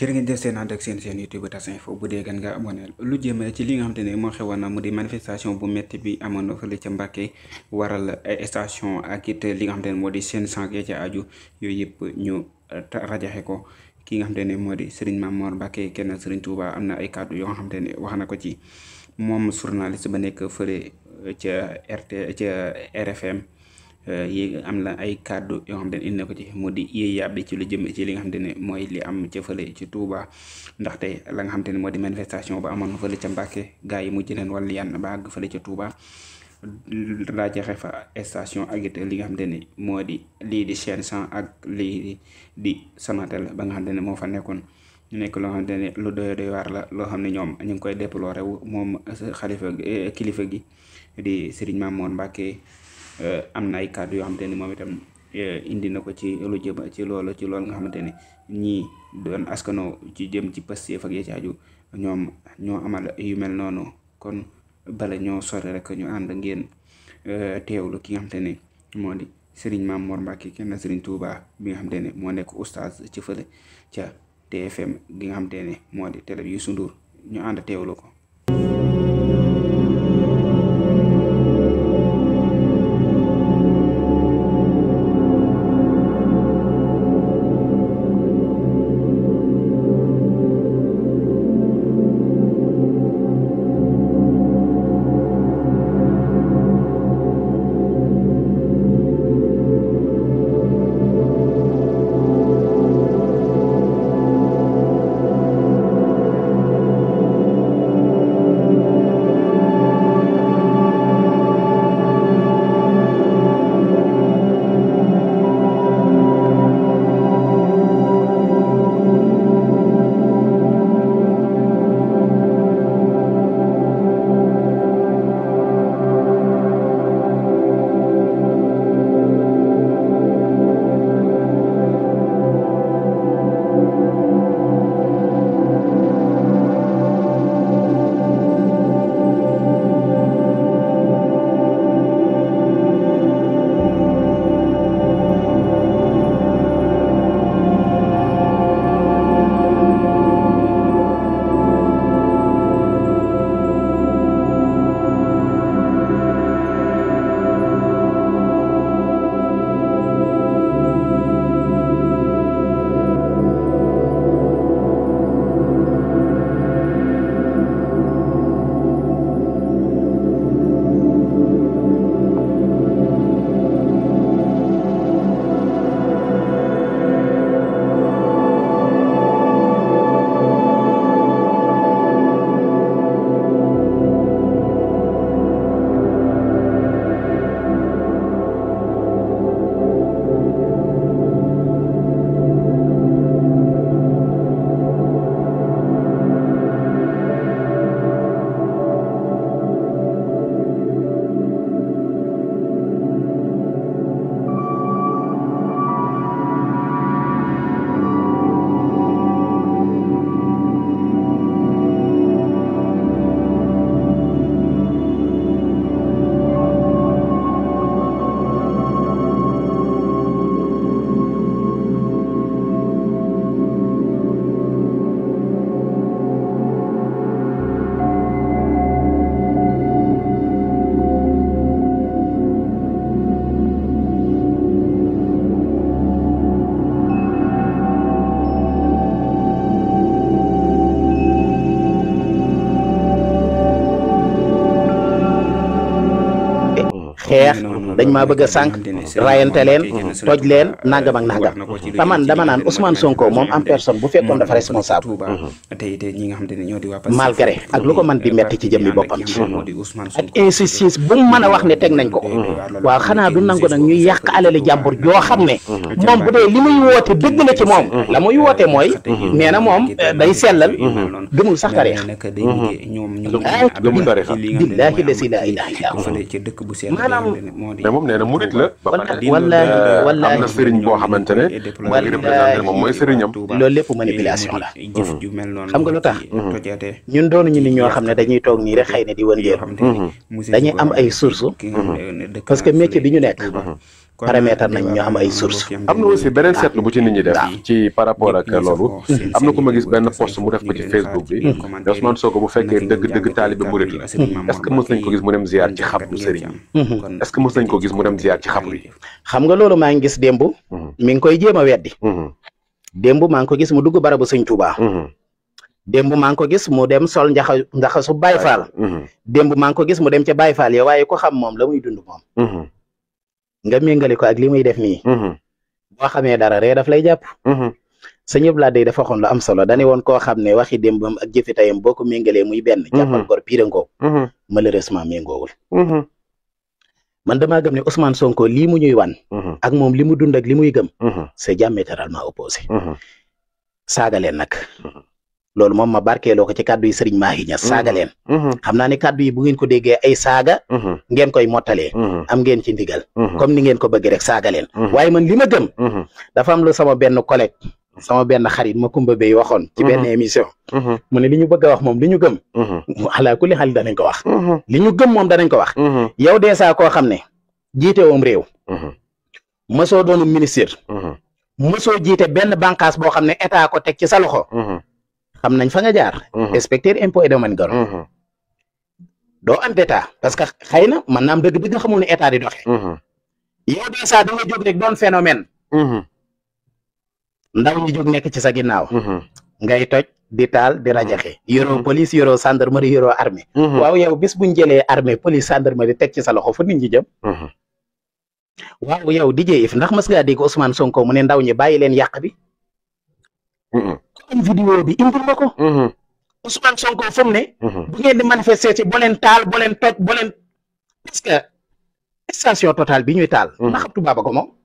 jërë ngeen def seen ànd ak seen seen YouTube Tas Info bu dee gan nga aboneel lu jëm ci li nga xamante ne moo xewoon na mu di manifestation bu métti bi amoon fële ca Mbàkke waral station ak it li nga xamante ne moo di seen sànq ya ca aju yooyu yëpp ñu rajaxe ko ki nga xamante ne moo di moo Mamor Mbàkke kenn Serigne Touba am na ay kàddu yoo nga xamante ne wax na ko ci moom journaliste ba nekk fëre ca RT ca RFM Euh, yi am na ay kàddu yoo xam ne indi na ko ci mu di yéey yàbbi ci lu jëm ci li nga xam ne mooy li am ca ci Touba ndaxte la nga xam ne moo di manifestation ba amoon fële ca Mbàkke gaa yi mujj nañ wala yan ba àgg fële ca Touba raajaxe fa station ak li nga xam ne moo di lii di chaîne cent ak lii di Sonatel ba nga xam ne moo fa nekkoon. nekk loo xamante ne lu doy waar la loo xam ne ñoom ñu ngi koy déploré wu moom xalifa eh, kilifa gi di Serigne Mamour Mbacke Euh, am na ay kàddu yoo xamante ni moom itam euh, indi na ko ci lu jëm ci loolu ci loolu nga xamante ne ñi doon askano ci jëm ci Pastef ak ya ci aju ñoom ñoo amal yu mel noonu kon bala ñoo sore rek ñu ànd ngeen euh, teewlu ki nga xamante ne moo di Serigne Mame Mor Mbacke kenn Serigne Touba bi nga xamante ne moo nekk oustaz ci fële ca TFM gi nga xamante ne moo di télé bi Youssou ñu ànd teewlu ko xex dañ ma bëgg sank sànq rayante leen toj len nangam ak nangam taman dama nan Ousmane Sonko mom am personne bu fekkon dafa responsable té mhm. té ñi nga xamanteni ñoo di wa malgré ak luko man di metti ci jëmmi bopam ci ak insistance bu mu mëna wax ne teg nañ ko wa xana du nangu nak ñu yàq alali jambour jo xam mom mhm. bu dé limuy woté dëgg na ci mom mhm. la muy woote mooy nee na eh, day sellal gëmul sax ñom ñu tariix billahi la ilaha illa maanaam mais moom nee na murit la. wallaahi wallaahi am na sëriñ boo xamante ne. wallaahi moom mooy sëriñam. loolu lépp manipulation la. xam nga lu tax. ñun doonuñu ni ñoo xam ne dañuy toog nii rek xëy na di wëndeelu. dañuy am ay sources. parce que métier bi ñu nekk. paramètre nañ ñu am ay source am na aussi beneen seetlu bu ci nit ñi def ci par rapport ak loolu am na ku ma gis benn post mu def ko ci Facebook bi ne Ousmane Sonko bu fekkee dëgg dëgg taalibe murit la est ce que mës nañ ko gis mu dem ziar ci xabru sëriñ est ce que mës nañ ko gis mu dem ziar ci xabru yi xam nga loolu maa ngi gis démb mhm. mi ngi koy jéem a weddi mhm. démb maa ngi ko gis mu dugg barabu sëñ Tuubaa mhm. démb maa ngi ko gis mu dem sol njaxa njaxasu Baay Faal démb maa ngi ko gis mu dem ca Baay Faal ya waaye ko xam moom la muy dund moom nga méngale ko ak li muy def nii. Mm-hmm. boo xamee dara ree daf lay jàpp. sëñ Abdou Lahad day dafa waxoon lu am solo dañu woon koo xam ne waxi démbam ak jëfi tayam boo ko méngalee muy benn. Mm-hmm. jàppal gor pire ngoow. Mm-hmm. malheureusement méngoowul. man damaa gëm ne Ousmane Sonko lii mu ak moom li mu dund ak li muy gëm. opposé. saaga leen nag. loolu moom ma barkeeloo ko ci kàddu yi sëriñ Mahi ña saaga mhm. leen mhm. xam naa ne kaddu yi bu ngeen ko déggee ay saaga mhm. ngeen koy mottalee am ngeen ci ndigal comme ni ngeen ko bëgg rek saaga leen waaye man li ma gëm dafa am lu sama benn collègue sama benn xarit ma kumba bay waxoon ci benn émission mu ne li ñu bëgg a wax moom li ñu gëm ala kulli xaal danañ ko wax li ñu gëm moom danañ ko wax yow dee saa koo xam ne jiitewoom réew mësoo doonu ministre mësoo jiite benn bànqaas boo xam ne état ko teg ci sa loxo xam nañ fa nga jaar. Mhm. inspecteur impôt et domaine gor. Mhm. do am beta parce que xeyna man na am deug dëgg xamul ni état di doxe mhm. yow dèjà da nga jog rek don phénomène. ndaw ñu jog nek ci sa ginnaaw. ngay toj di tal di rajaxé yoro police yoro gendarmerie yoro armée. waaw yow bis buñu jëlee armée police gendarmerie tek ci sa loxo fu nit ñi jëm. waaw yow DJ If ndax mas ngaa dégg Ousmane Sonko mu né ndaw ñi bàyyi leen yàq bi. vidéo bi indil mako hmm Ousmane Sonko mm-hmm. bu manifester ci parce que station totale bi ñuy mm-hmm. ndax